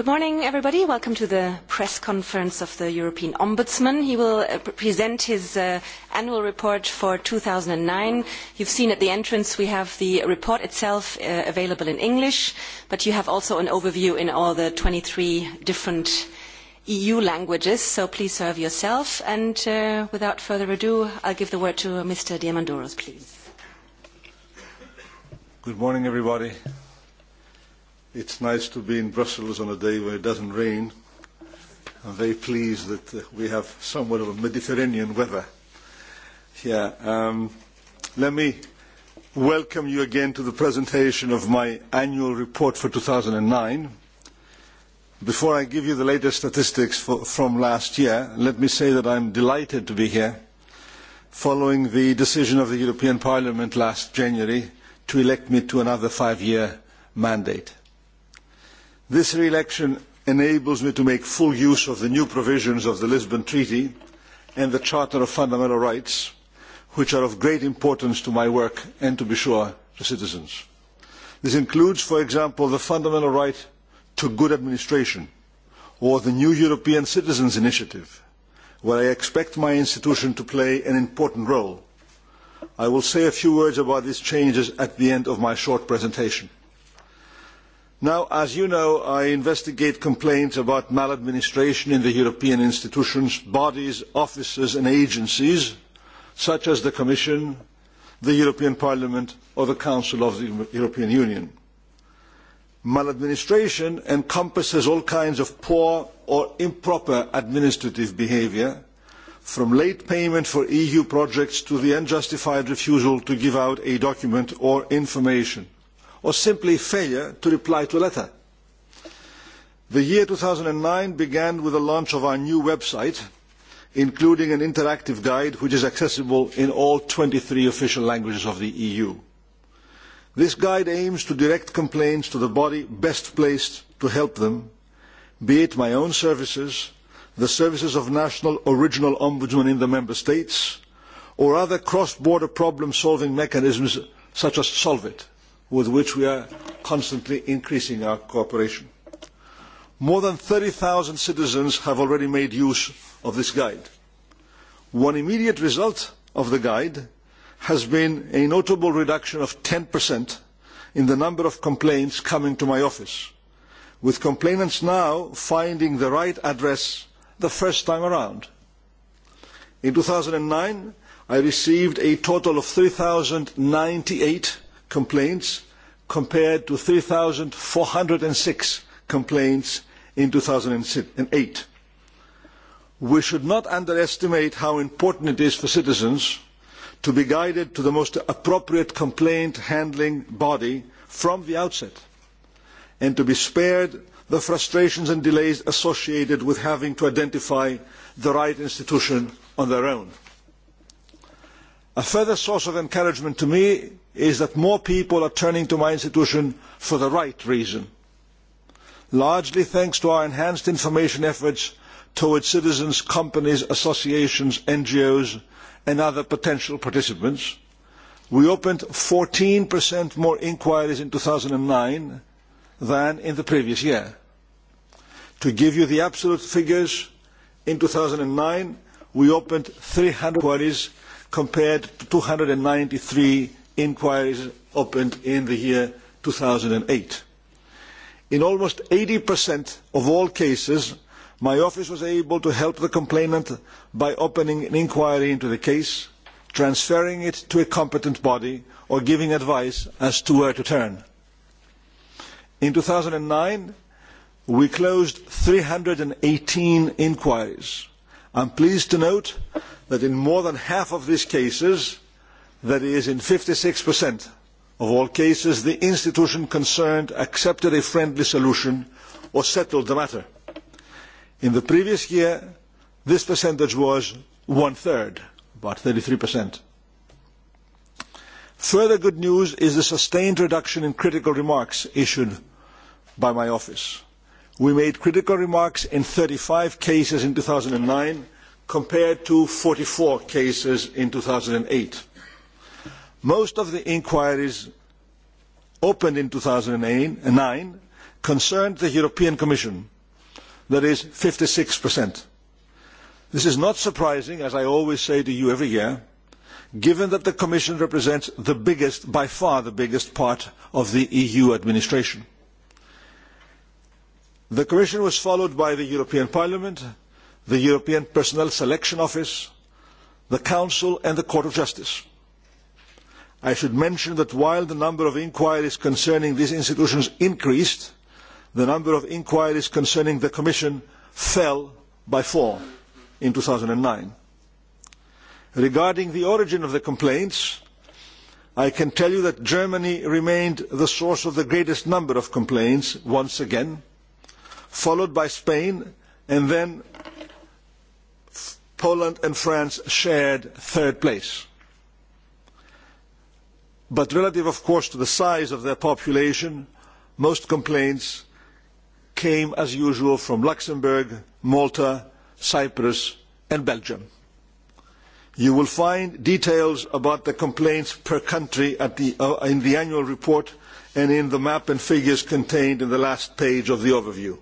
Good morning, everybody. Welcome to the press conference of the European Ombudsman. He will present his annual report for 2009. You've seen at the entrance we have the report itself available in English, but you have also an overview in all the 23 different EU languages, so please serve yourself. And without further ado, I'll give the word to Mr. Diamandouros, please. Good morning, everybody. It's nice to be in Brussels on a day where it doesn't rain. I'm very pleased that we have somewhat of a Mediterranean weather here. Let me welcome you again to the presentation of my annual report for 2009. Before I give you the latest statistics from last year, let me say that I'm delighted to be here following the decision of the European Parliament last January to elect me to another five-year mandate. This re-election enables me to make full use of the new provisions of the Lisbon Treaty and the Charter of Fundamental Rights, which are of great importance to my work and, to be sure, to citizens. This includes, for example, the fundamental right to good administration or the new European Citizens Initiative, where I expect my institution to play an important role. I will say a few words about these changes at the end of my short presentation. Now, as you know, I investigate complaints about maladministration in the European institutions, bodies, offices and agencies, such as the Commission, the European Parliament or the Council of the European Union. Maladministration encompasses all kinds of poor or improper administrative behaviour, from late payment for EU projects to the unjustified refusal to give out a document or information or simply failure to reply to a letter. The year 2009 began with the launch of our new website, including an interactive guide which is accessible in all 23 official languages of the EU. This guide aims to direct complaints to the body best placed to help them, be it my own services, the services of national original ombudsmen in the Member States, or other cross-border problem-solving mechanisms such as Solvit with which we are constantly increasing our cooperation. More than 30,000 citizens have already made use of this guide. One immediate result of the guide has been a notable reduction of 10% in the number of complaints coming to my office, with complainants now finding the right address the first time around. In 2009, I received a total of 3,098 complaints compared to 3,406 complaints in 2008. We should not underestimate how important it is for citizens to be guided to the most appropriate complaint handling body from the outset and to be spared the frustrations and delays associated with having to identify the right institution on their own. A further source of encouragement to me is that more people are turning to my institution for the right reason, largely thanks to our enhanced information efforts towards citizens, companies, associations, NGOs and other potential participants. We opened 14% more inquiries in 2009 than in the previous year. To give you the absolute figures, in 2009 we opened 300 inquiries compared to 293 inquiries opened in the year 2008. In almost 80% of all cases, my office was able to help the complainant by opening an inquiry into the case, transferring it to a competent body, or giving advice as to where to turn. In 2009, we closed 318 inquiries. I'm pleased to note that in more than half of these cases, that is in fifty 56% of all cases the institution concerned accepted a friendly solution or settled the matter. In the previous year, this percentage was one-third, about 33%. Further good news is the sustained reduction in critical remarks issued by my office. We made critical remarks in thirty five cases in two thousand nine, compared to forty four cases in two thousand eight. Most of the inquiries opened in two thousand and nine concerned the European Commission. That is fifty six. This is not surprising, as I always say to you every year, given that the Commission represents the biggest, by far the biggest part of the EU administration. The Commission was followed by the European Parliament, the European Personnel Selection Office, the Council and the Court of Justice. I should mention that while the number of inquiries concerning these institutions increased, the number of inquiries concerning the Commission fell by four in 2009. Regarding the origin of the complaints, I can tell you that Germany remained the source of the greatest number of complaints once again, followed by Spain, and then Poland and France shared third place but relative of course to the size of their population most complaints came as usual from luxembourg malta cyprus and belgium. you will find details about the complaints per country in the annual report and in the map and figures contained in the last page of the overview.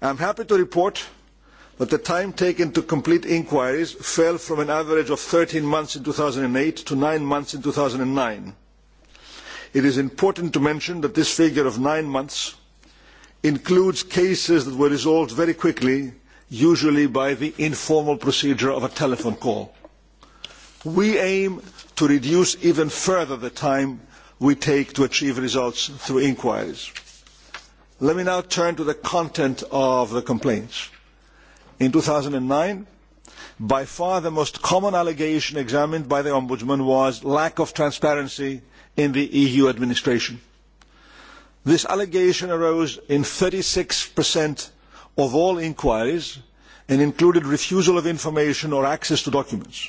i am happy to report But the time taken to complete inquiries fell from an average of 13 months in 2008 to 9 months in 2009. It is important to mention that this figure of 9 months includes cases that were resolved very quickly, usually by the informal procedure of a telephone call. We aim to reduce even further the time we take to achieve results through inquiries. Let me now turn to the content of the complaints in 2009 by far the most common allegation examined by the ombudsman was lack of transparency in the eu administration this allegation arose in 36% of all inquiries and included refusal of information or access to documents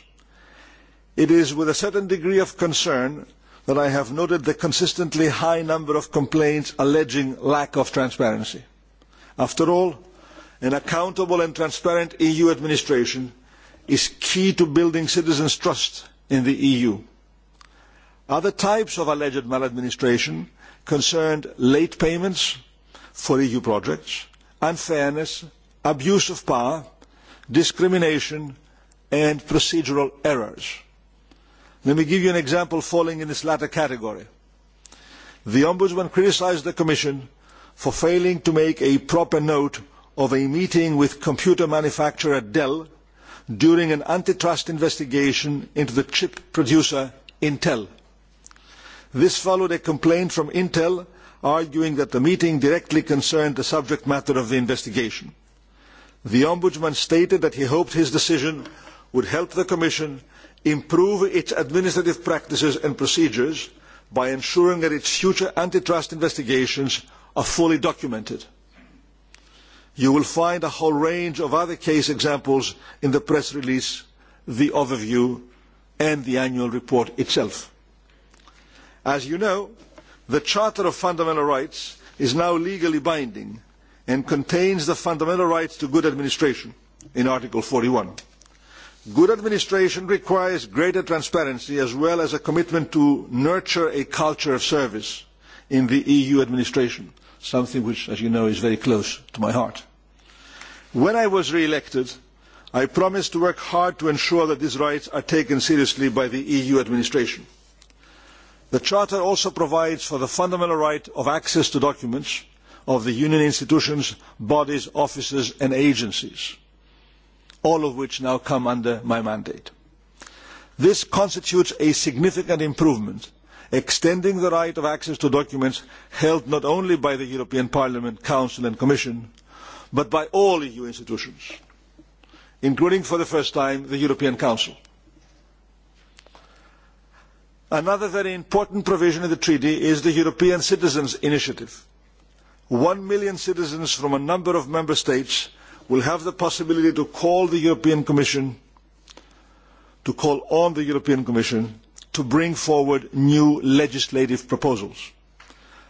it is with a certain degree of concern that i have noted the consistently high number of complaints alleging lack of transparency after all an accountable and transparent eu administration is key to building citizens' trust in the eu. other types of alleged maladministration concerned late payments for eu projects unfairness abuse of power discrimination and procedural errors. let me give you an example falling in this latter category. the ombudsman criticised the commission for failing to make a proper note of a meeting with computer manufacturer Dell during an antitrust investigation into the chip producer Intel. This followed a complaint from Intel arguing that the meeting directly concerned the subject matter of the investigation. The Ombudsman stated that he hoped his decision would help the Commission improve its administrative practices and procedures by ensuring that its future antitrust investigations are fully documented. You will find a whole range of other case examples in the press release, the overview and the annual report itself. As you know, the Charter of Fundamental Rights is now legally binding and contains the fundamental rights to good administration in Article forty one. Good administration requires greater transparency as well as a commitment to nurture a culture of service in the EU administration something which, as you know, is very close to my heart. When I was re-elected, I promised to work hard to ensure that these rights are taken seriously by the EU administration. The Charter also provides for the fundamental right of access to documents of the Union institutions, bodies, offices and agencies, all of which now come under my mandate. This constitutes a significant improvement extending the right of access to documents held not only by the European Parliament, Council and Commission, but by all EU institutions, including for the first time the European Council. Another very important provision in the treaty is the European Citizens' Initiative. One million citizens from a number of member states will have the possibility to call the European Commission, to call on the European Commission to bring forward new legislative proposals.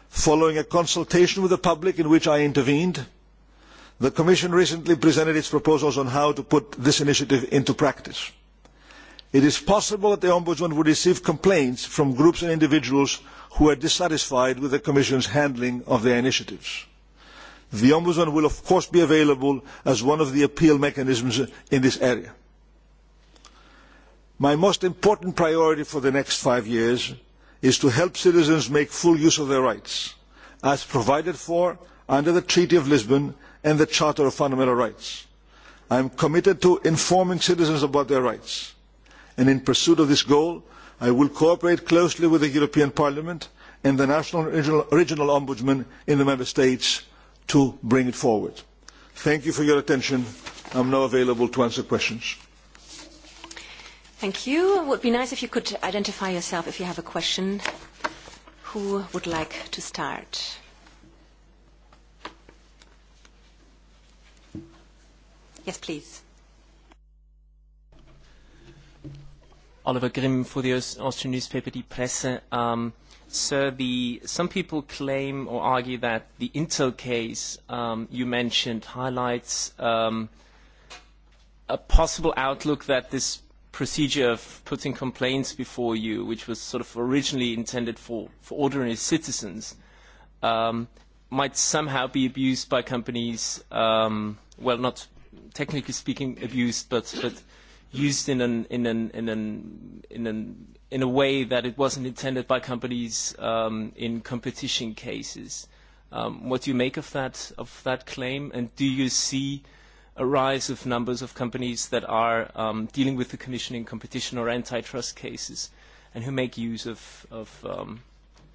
Following a consultation with the public in which I intervened, the Commission recently presented its proposals on how to put this initiative into practice. It is possible that the Ombudsman would receive complaints from groups and individuals who are dissatisfied with the Commission's handling of their initiatives. The Ombudsman will of course be available as one of the appeal mechanisms in this area. My most important priority for the next five years is to help citizens make full use of their rights, as provided for under the Treaty of Lisbon and the Charter of Fundamental Rights. I am committed to informing citizens about their rights, and in pursuit of this goal, I will cooperate closely with the European Parliament and the national regional ombudsman in the Member States to bring it forward. Thank you for your attention. I am now available to answer questions. Thank you. It would be nice if you could identify yourself if you have a question. Who would like to start? Yes, please. Oliver Grimm for the Austrian newspaper Die Presse. Sir, some people claim or argue that the Intel case you mentioned highlights a possible outlook that this procedure of putting complaints before you, which was sort of originally intended for for ordinary citizens, might somehow be abused by companies, well, not technically speaking abused, but but used in in in in in a way that it wasn't intended by companies in competition cases. What do you make of that claim, and do you see a rise of numbers of companies that are dealing with the Commission in competition or antitrust cases and who make use of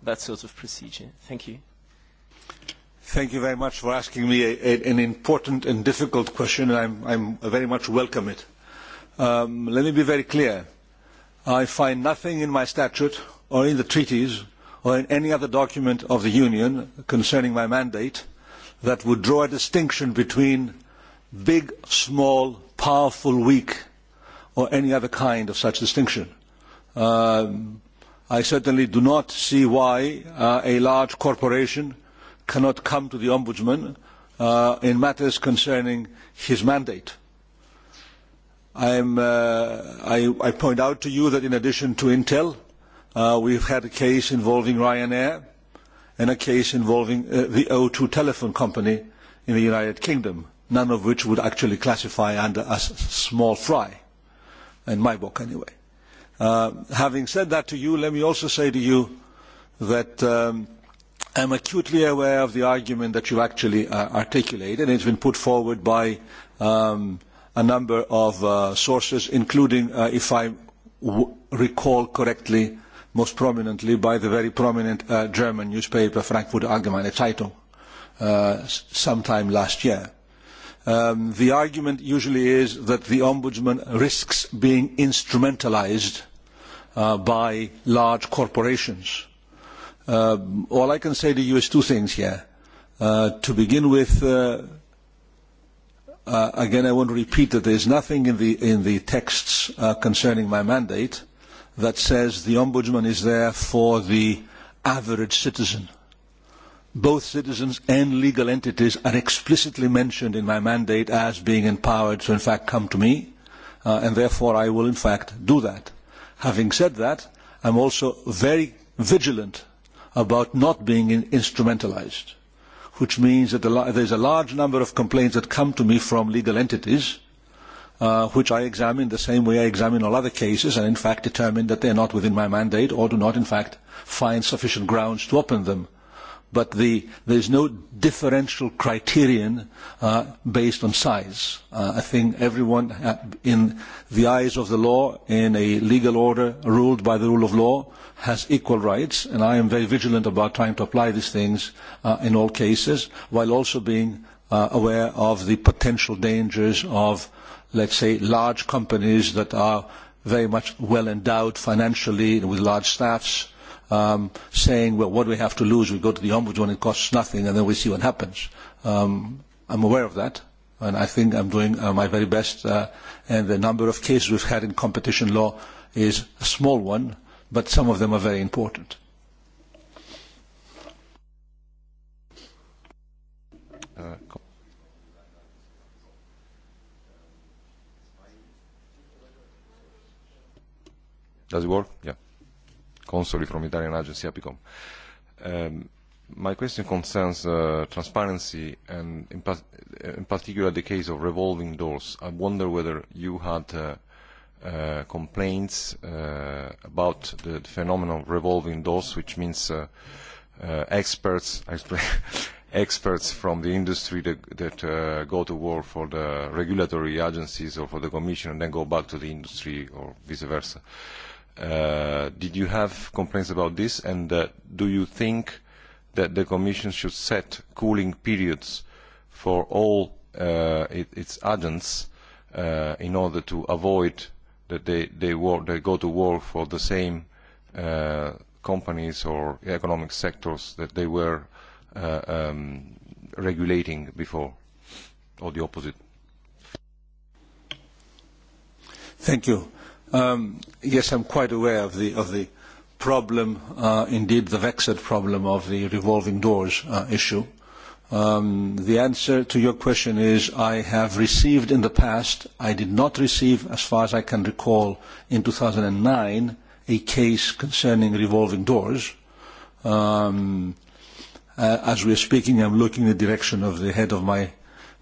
that sort of procedure. Thank you. Thank you very much for asking me an important and difficult question, and I very much welcome it. Let me be very clear. I find nothing in my statute or in the treaties or in any other document of the Union concerning my mandate that would draw a distinction between big, small, powerful, weak, or any other kind of such distinction. I certainly do not see why a large corporation cannot come to the Ombudsman in matters concerning his mandate. I point out to you that in addition to Intel, we have had a case involving Ryanair and a case involving the O2 telephone company in the United Kingdom none of which would actually classify under as small fry, in my book anyway. Having said that to you, let me also say to you that I'm acutely aware of the argument that you actually articulated. It's been put forward by a number of sources, including, if I recall correctly, most prominently by the very prominent German newspaper Frankfurt Allgemeine Zeitung sometime last year. The argument usually is that the ombudsman risks being instrumentalised by large corporations. All I can say to you is two things here. To begin with, again I want to repeat that there is nothing in the texts concerning my mandate that says the ombudsman is there for the average citizen both citizens and legal entities are explicitly mentioned in my mandate as being empowered to in fact come to me and therefore I will in fact do that. Having said that, I am also very vigilant about not being instrumentalised, which means that there is a large number of complaints that come to me from legal entities which I examine the same way I examine all other cases and in fact determine that they are not within my mandate or do not in fact find sufficient grounds to open them but there is no differential criterion based on size. I think everyone in the eyes of the law, in a legal order ruled by the rule of law, has equal rights, and I am very vigilant about trying to apply these things in all cases, while also being aware of the potential dangers of, let's say, large companies that are very much well endowed financially with large staffs saying, well, what we have to lose? We go to the ombudsman, it costs nothing, and then we see what happens. I'm aware of that, and I think I'm doing my very best. And the number of cases we've had in competition law is a small one, but some of them are very important. Does it work? Yeah. Consoli from Italian agency APICOM. My question concerns transparency and in particular the case of revolving doors. I wonder whether you had complaints about the phenomenon of revolving doors, which means experts experts from the industry that go to work for the regulatory agencies or for the Commission and then go back to the industry or vice versa. Did you have complaints about this, and do you think that the Commission should set cooling periods for all its agents in order to avoid that they go to work for the same companies or economic sectors that they were regulating before, or the opposite? Thank you. Yes, I'm quite aware of the problem, indeed the vexed problem of the revolving doors issue. The answer to your question is I have received in the past, I did not receive, as far as I can recall, in 2009, a case concerning revolving doors. As we are speaking, I'm looking in the direction of the head of my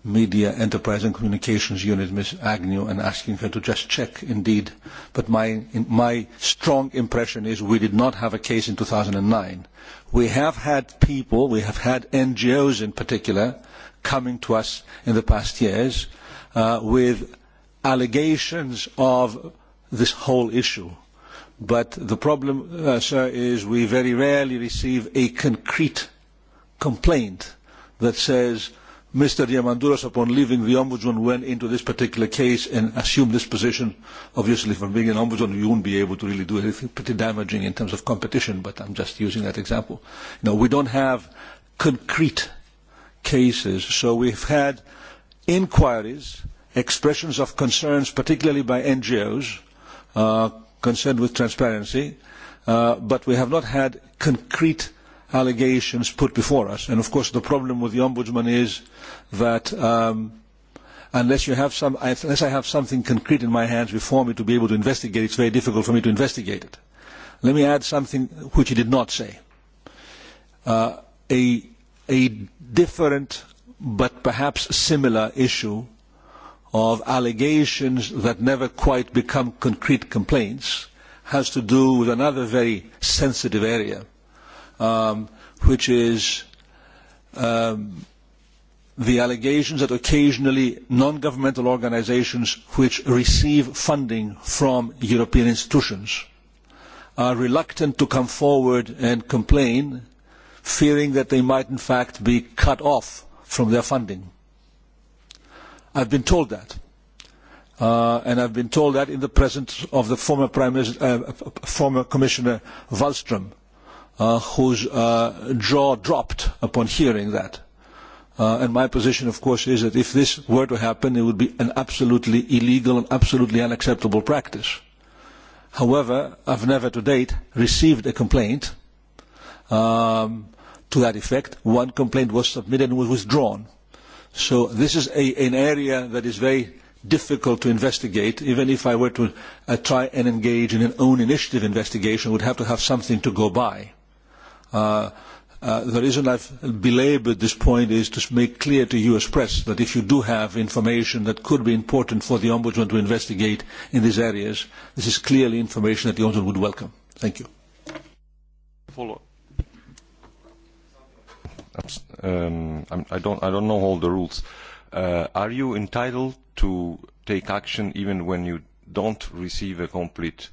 Media, Enterprise and Communications Unit, Ms. Agnew, and asking her to just check, indeed. But my strong impression is we did not have a case in 2009. We have had people, we have had NGOs in particular, coming to us in the past years with allegations of this whole issue. But the problem, sir, is we very rarely receive a concrete complaint that says Mr. Diamandouros, upon leaving the Ombudsman, went into this particular case and assumed this position. Obviously, from being an Ombudsman, you won't be able to really do anything pretty damaging in terms of competition, but I'm just using that example. Now, we don't have concrete cases, so we've had inquiries, expressions of concerns, particularly by NGOs concerned with transparency, but we have not had concrete allegations put before us. And of course the problem with the Ombudsman is that unless you have some unless I have something concrete in my hands before me to be able to investigate, it's very difficult for me to investigate it. Let me add something which he did not say. A different but perhaps similar issue of allegations that never quite become concrete complaints has to do with another very sensitive area which is the allegations that occasionally non-governmental organisations which receive funding from European institutions are reluctant to come forward and complain, fearing that they might in fact be cut off from their funding. I have been told that. And I have been told that in the presence of the former Commissioner Wallström whose jaw dropped upon hearing that. And my position, of course, is that if this were to happen, it would be an absolutely illegal and absolutely unacceptable practice. However, I've never to date received a complaint to that effect. One complaint was submitted and was withdrawn. So this is an area that is very difficult to investigate. Even if I were to try and engage in an own initiative investigation, I would have to have something to go by. The reason I've belabored this point is to make clear to U.S. press that if you do have information that could be important for the Ombudsman to investigate in these areas, this is clearly information that the Ombudsman would welcome. Thank you. I don't know all the rules. Are you entitled to take action even when you don't receive a complete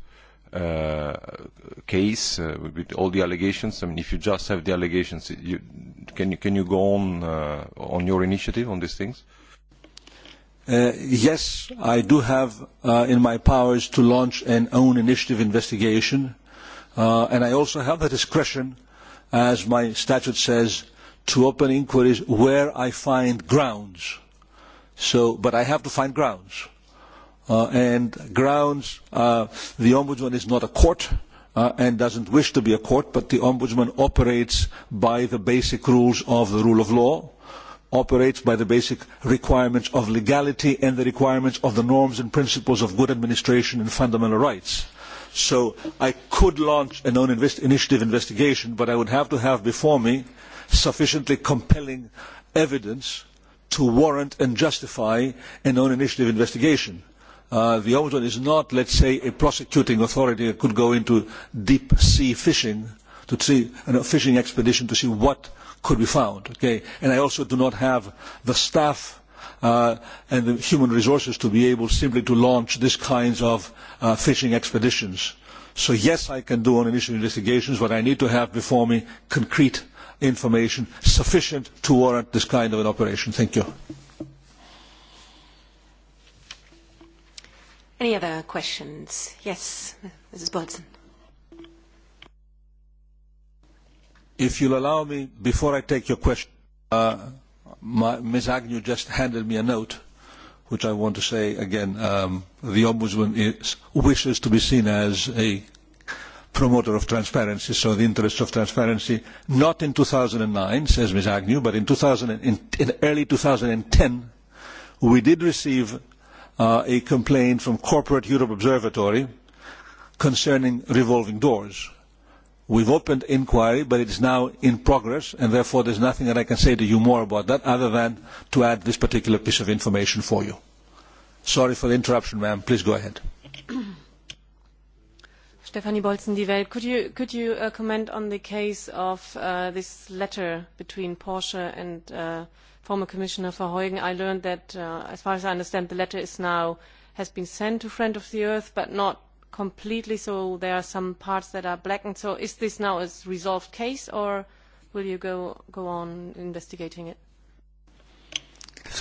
case with all the allegations? I mean, if you just have the allegations, can you can you go on on your initiative on these things? Yes, I do have in my powers to launch an own initiative investigation, and I also have the discretion, as my statute says, to open inquiries where I find grounds. So, but I have to find grounds and grounds the ombudsman is not a court and doesn't wish to be a court but the ombudsman operates by the basic rules of the rule of law operates by the basic requirements of legality and the requirements of the norms and principles of good administration and fundamental rights so i could launch an own initiative investigation but i would have to have before me sufficiently compelling evidence to warrant and justify an own initiative investigation the Ombudsman is not, let's say, a prosecuting authority that could go into deep sea fishing to see a fishing expedition to see what could be found. And I also do not have the staff and the human resources to be able simply to launch these kinds of fishing expeditions. So yes, I can do on initial investigations, but I need to have before me concrete information sufficient to warrant this kind of an operation. Thank you. Any other questions? Yes, Mrs. Bodson. If you'll allow me, before I take your question, Ms. Agnew just handed me a note, which I want to say again. The Ombudsman wishes to be seen as a promoter of transparency, so the interests of transparency, not in 2009, says Ms. Agnew, but in early 2010, we did receive a complaint from Corporate Europe Observatory concerning revolving doors. We've opened inquiry, but it is now in progress, and therefore there's nothing that I can say to you more about that other than to add this particular piece of information for you. Sorry for the interruption, ma'am. Please go ahead. Stephanie Bolzen, Die Welt. Could you comment on the case of this letter between Porsche and former Commissioner Verheugen, I learned that, as far as I understand, the letter is now has been sent to Friend of the Earth, but not completely, so there are some parts that are blackened. So is this now a resolved case, or will you go on investigating it?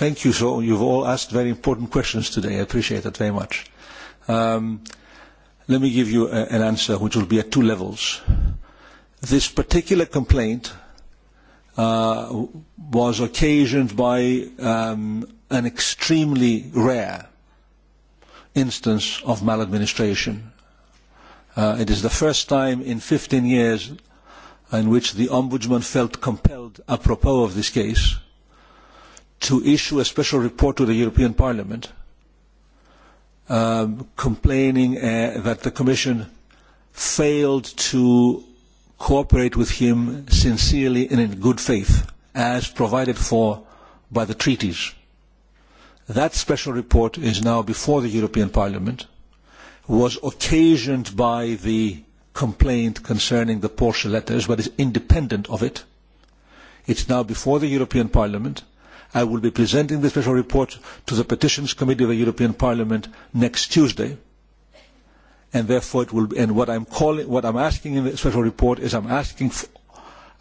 Thank you. So you've all asked very important questions today. I appreciate that very much. Let me give you an answer which will be at two levels. This particular complaint was occasioned by an extremely rare instance of maladministration. It is the first time in 15 years in which the Ombudsman felt compelled, apropos of this case, to issue a special report to the European Parliament complaining that the Commission failed to cooperate with him sincerely and in good faith, as provided for by the treaties. That special report is now before the European Parliament, was occasioned by the complaint concerning the Porsche letters, but is independent of it. is now before the European Parliament. I will be presenting the special report to the Petitions Committee of the European Parliament next Tuesday and therefore it will and what i'm calling what i'm asking in the special report is i'm asking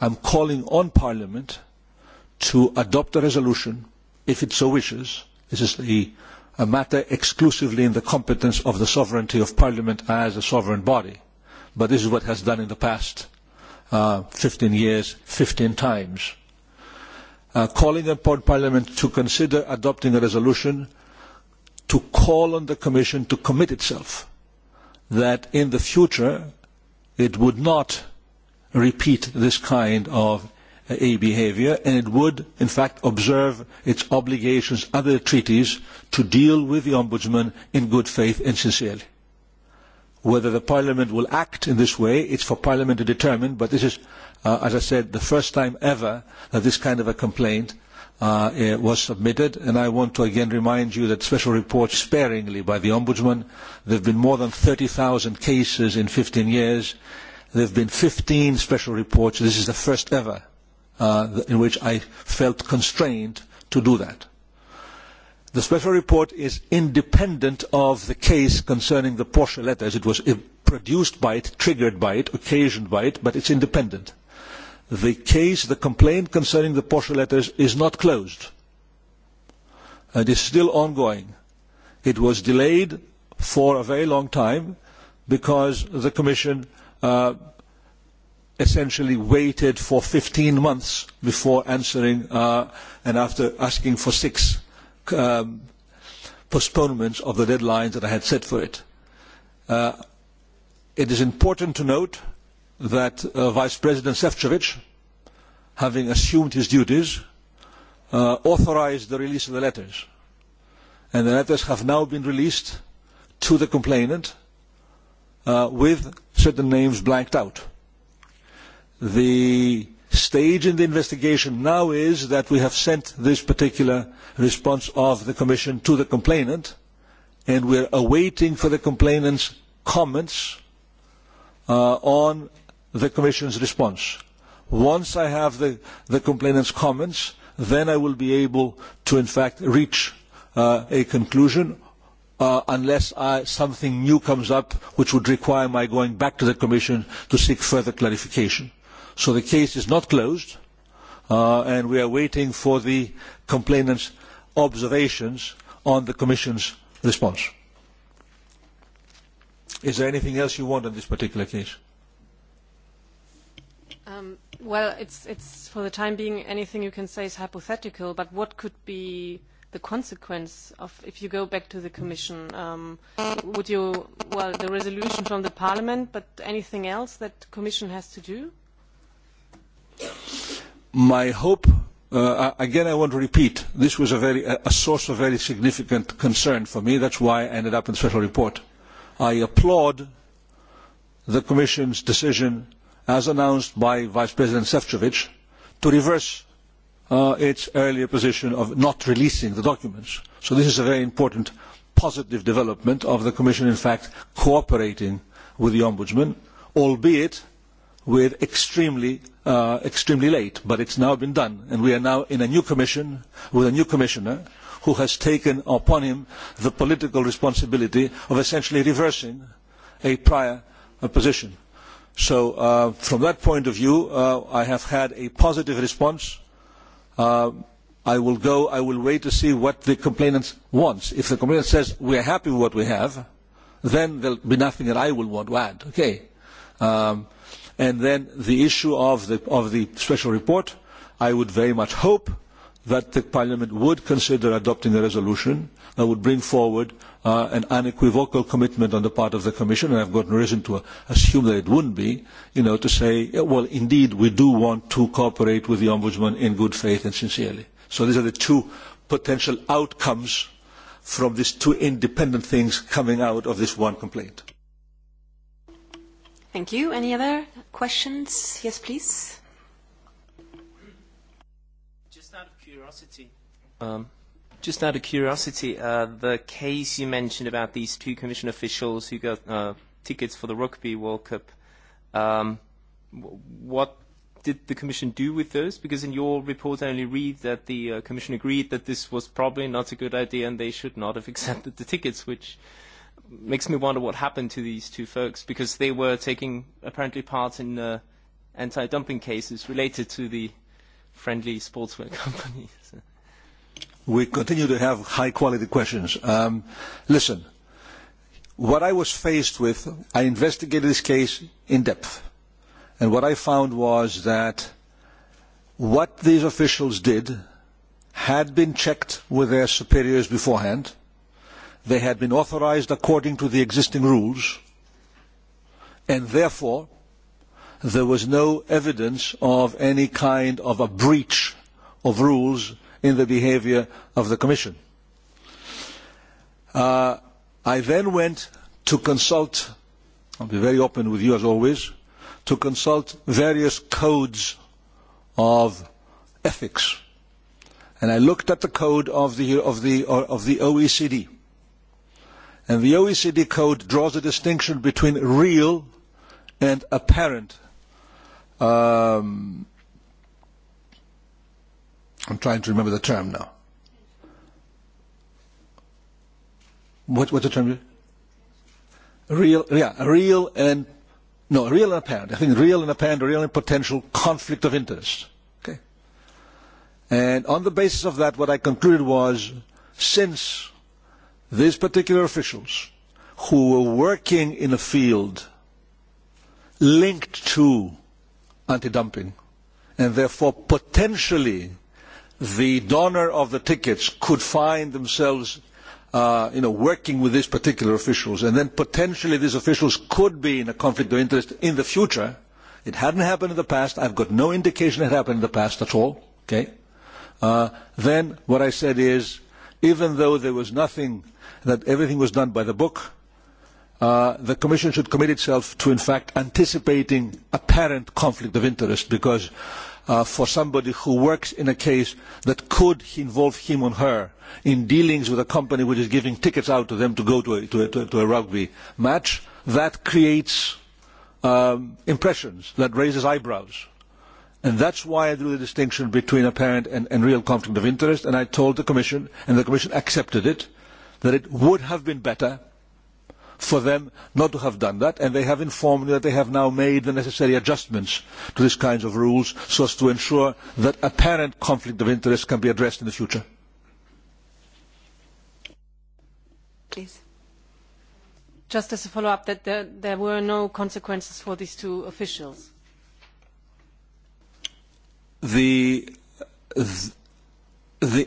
i'm calling on parliament to adopt a resolution if it so wishes this is a matter exclusively in the competence of the sovereignty of parliament as a sovereign body but this is what has done in the past 15 years 15 times calling upon parliament to consider adopting a resolution to call on the commission to commit itself that in the future it would not repeat this kind of a behaviour and it would in fact observe its obligations under the treaties to deal with the ombudsman in good faith and sincerely. Whether the Parliament will act in this way, it's for Parliament to determine, but this is, as I said, the first time ever that this kind of a complaint was submitted, and I want to again remind you that special reports sparingly by the Ombudsman. There have been more than 30,000 cases in 15 years. There have been 15 special reports. This is the first ever in which I felt constrained to do that. The special report is independent of the case concerning the Porsche letters. It was produced by it, triggered by it, occasioned by it, but it's independent the case, the complaint concerning the Porsche letters is not closed. It is still ongoing. It was delayed for a very long time because the Commission essentially waited for 15 months before answering and after asking for six postponements of the deadlines that I had set for it. It is important to note that Vice President Šefčovič, having assumed his duties, authorised the release of the letters, and the letters have now been released to the complainant with certain names blanked out. The stage in the investigation now is that we have sent this particular response of the Commission to the complainant, and we are awaiting for the complainant's comments on the Commission's response. Once I have the complainant's comments, then I will be able to, in fact, reach a conclusion unless something new comes up which would require my going back to the Commission to seek further clarification. So the case is not closed and we are waiting for the complainant's observations on the Commission's response. Is there anything else you want on this particular case? Well, it's for the time being, anything you can say is hypothetical, but what could be the consequence of if you go back to the Commission? Would you, well, the resolution from the Parliament, but anything else that the Commission has to do? My hope, again, I want to repeat, this was a source of very significant concern for me. That's why I ended up in the special report. I applaud the Commission's decision as announced by Vice President Šefčovič, to reverse its earlier position of not releasing the documents. So this is a very important positive development of the Commission, in fact, cooperating with the Ombudsman, albeit with extremely late, but it has now been done, and we are now in a new Commission with a new Commissioner who has taken upon him the political responsibility of essentially reversing a prior position. So from that point of view, I have had a positive response. I will go, I will wait to see what the complainant wants. If the complainant says we are happy with what we have, then there will be nothing that I will want to add. Okay. And then the issue of the special report, I would very much hope that the Parliament would consider adopting a resolution that would bring forward an unequivocal commitment on the part of the Commission, and I've got no reason to assume that it wouldn't be, to say, well, indeed, we do want to cooperate with the Ombudsman in good faith and sincerely. So these are the two potential outcomes from these two independent things coming out of this one complaint. Thank you. Any other questions? Yes, please. Just out of curiosity, the case you mentioned about these two commission officials who got tickets for the Rugby World Cup, what did the Commission do with those? Because in your report I only read that the Commission agreed that this was probably not a good idea and they should not have accepted the tickets, which makes me wonder what happened to these two folks, because they were taking apparently part in anti-dumping cases related to the friendly sportswear companies. We continue to have high-quality questions. Listen, what I was faced with, I investigated this case in depth, and what I found was that what these officials did had been checked with their superiors beforehand. They had been authorized according to the existing rules, and therefore there was no evidence of any kind of a breach of rules in the behaviour of the Commission. I then went to consult, I'll be very open with you as always, to consult various codes of ethics. And I looked at the code of the OECD. And the OECD code draws a distinction between real and apparent um I'm trying to remember the term now. What what's the term? Real yeah, real and no, real and apparent. I think real and apparent, real and potential conflict of interest. Okay. And on the basis of that, what I concluded was, since these particular officials who were working in a field linked to anti-dumping. And therefore, potentially, the donor of the tickets could find themselves working with these particular officials. And then potentially these officials could be in a conflict of interest in the future. It hadn't happened in the past. I've got no indication it happened in the past at all. Then what I said is, even though there was nothing, that everything was done by the book, the Commission should commit itself to, in fact, anticipating apparent conflict of interest, because for somebody who works in a case that could involve him or her in dealings with a company which is giving tickets out to them to go to a rugby match, that creates impressions, that raises eyebrows. And is why I drew the distinction between apparent and real conflict of interest, and I told the Commission, and the Commission accepted it, that it would have been better for them not to have done that, and they have informed me that they have now made the necessary adjustments to these kinds of rules so as to ensure that apparent conflict of interest can be addressed in the future. Please. Just as a follow-up, that there were no consequences for these two officials. The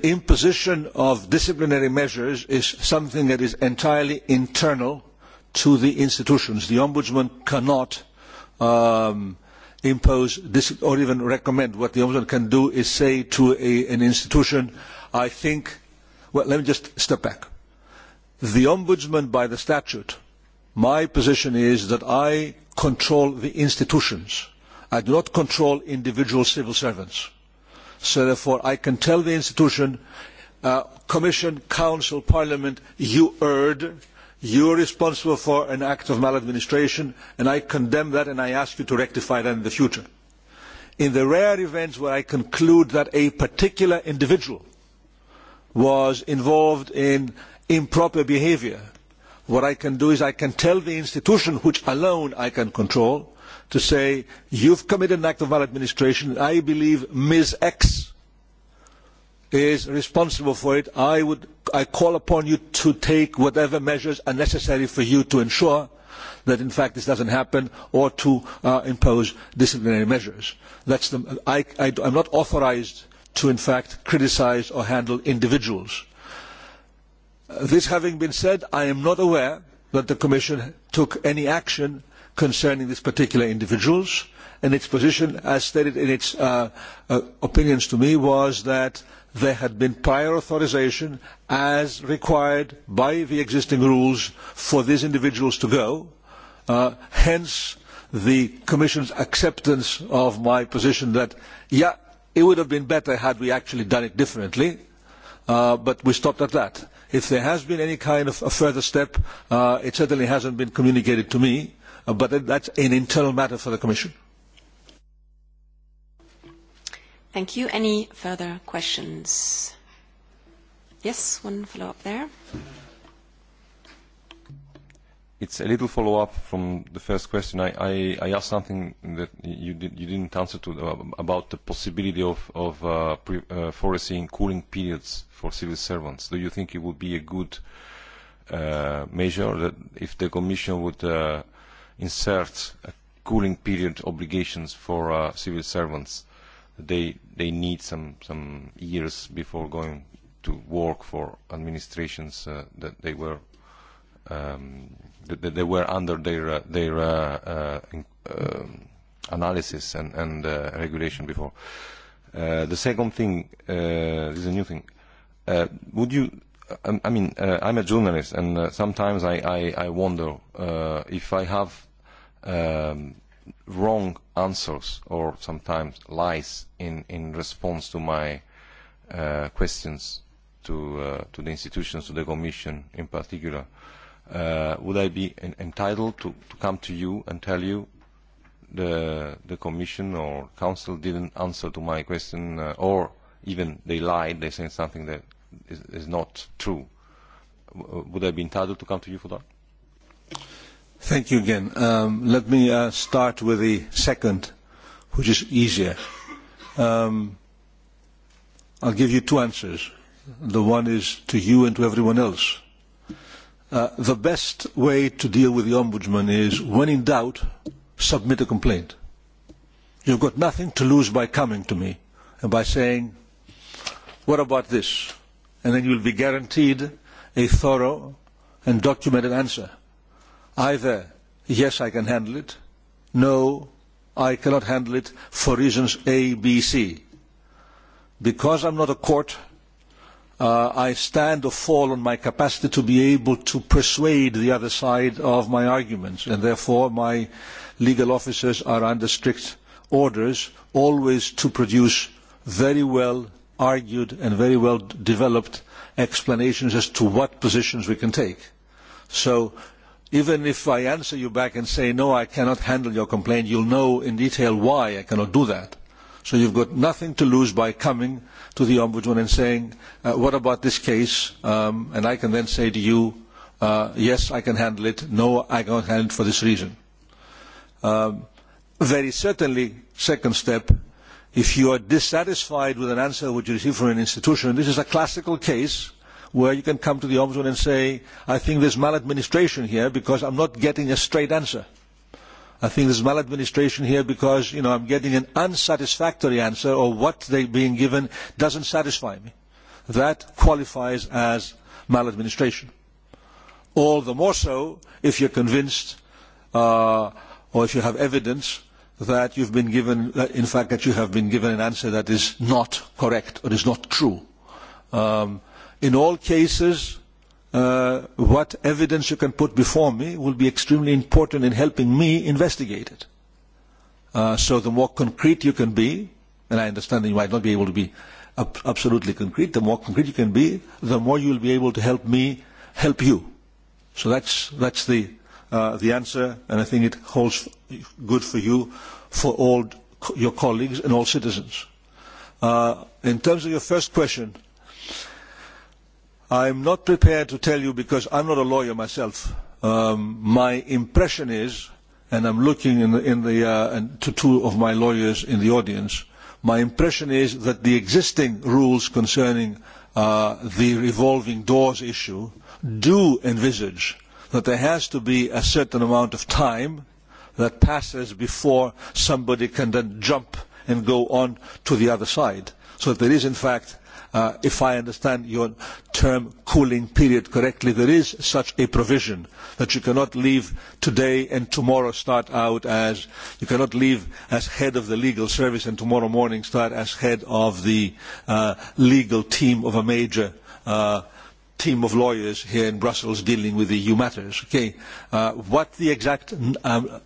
imposition of disciplinary measures is something that is entirely internal to the institutions. The Ombudsman cannot impose or even recommend. What the Ombudsman can do is say to an institution, I think, well, let me just step back. The Ombudsman by the statute, my position is that I control the institutions. I do not control individual civil servants. So therefore I can tell the institution, Commission, Council, Parliament, you erred You are responsible for an act of maladministration, and I condemn that and I ask you to rectify that in the future. In the rare events where I conclude that a particular individual was involved in improper behaviour, what I can do is I can tell the institution, which alone I can control, to say, have committed an act of maladministration, and I believe Ms. X is responsible for it, I call upon you to take whatever measures are necessary for you to ensure that in fact this doesn't happen or to impose disciplinary measures. I am not authorized to in fact criticize or handle individuals. This having been said, I am not aware that the Commission took any action concerning these particular individuals and its position as stated in its opinions to me was that there had been prior authorisation as required by the existing rules for these individuals to go. Hence the Commission's acceptance of my position that, yeah, it would have been better had we actually done it differently, but we stopped at that. If there has been any kind of a further step, it certainly hasn't been communicated to me, but that's an internal matter for the Commission. Thank you. Any further questions? Yes, one follow-up there. It's a little follow-up from the first question. I asked something that you didn't answer to about the possibility of foreseeing cooling periods for civil servants. Do you think it would be a good measure that if the Commission would insert cooling period obligations for civil servants? they they need some some years before going to work for administrations that they were that they were under their their analysis and and regulation before. The second thing is a new thing. Would you? I mean, I'm a journalist and sometimes I I I wonder if I have wrong answers or sometimes lies in in response to my questions to to the institutions, to the Commission in particular, would I be entitled to to come to you and tell you the the Commission or Council didn't answer to my question or even they lied, they said something that is not true. Would I be entitled to come to you for that? Thank you again. Let me start with the second, which is easier. I'll give you two answers. The one is to you and to everyone else. The best way to deal with the Ombudsman is, when in doubt, submit a complaint. You've got nothing to lose by coming to me and by saying, what about this? And then you'll be guaranteed a thorough and documented answer either yes I can handle it, no I cannot handle it for reasons A, B, C. Because I'm not a court, I stand or fall on my capacity to be able to persuade the other side of my arguments and therefore my legal officers are under strict orders always to produce very well argued and very well developed explanations as to what positions we can take. So even if I answer you back and say, no, I cannot handle your complaint, you will know in detail why I cannot do that. So you've got nothing to lose by coming to the Ombudsman and saying, what about this case? And I can then say to you, yes, I can handle it. No, I cannot handle it for this reason. Very certainly, second step, if you are dissatisfied with an answer which you receive from an institution, this is a classical case where you can come to the ombudsman and say, I think there's maladministration here because I'm not getting a straight answer. I think there's maladministration here because, you know, I'm getting an unsatisfactory answer or what they're being given doesn't satisfy me. That qualifies as maladministration. All the more so if you're convinced or if you have evidence that you've been given, in fact, that you have been given an answer that is not correct or is not true. Um, in all cases what evidence you can put before me will be extremely important in helping me investigate it. So the more concrete you can be, and I understand that you might not be able to be absolutely concrete, the more concrete you can be, the more you will be able to help me help you. So that's that's the the answer, and I think it holds good for you, for all your colleagues and all citizens. In terms of your first question I am not prepared to tell you because I am not a lawyer myself. My impression is, and I am looking to two of my lawyers in the audience, my impression is that the existing rules concerning the revolving doors issue do envisage that there has to be a certain amount of time that passes before somebody can then jump and go on to the other side. So that there is in fact if I understand your term cooling period correctly, there is such a provision that you cannot leave today and tomorrow start out as you cannot leave as head of the legal service and tomorrow morning start as head of the legal team of a major team of lawyers here in Brussels dealing with EU matters. What the exact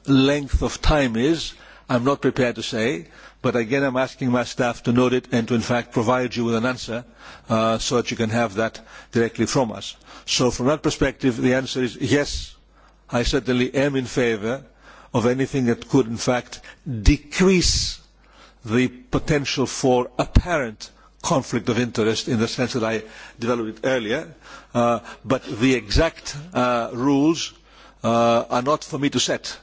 length of time is I am not prepared to say, but again I am asking my staff to note it and to in fact provide you with an answer so that you can have that directly from us. So from that perspective, the answer is yes, I certainly am in favour of anything that could in fact decrease the potential for apparent conflict of interest in the sense that I developed it earlier, but the exact rules are not for me to set.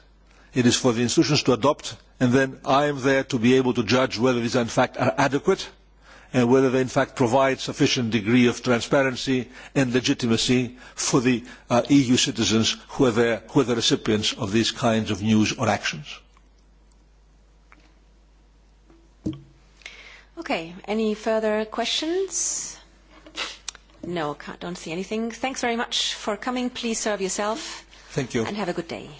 It is for the institutions to adopt and then I am there to be able to judge whether these in fact are adequate and whether they in fact provide sufficient degree of transparency and legitimacy for the EU citizens who are the recipients of these kinds of news or actions. Okay, any further questions? No, I don't see anything. Thanks very much for coming. Please serve yourself. Thank you. And have a good day.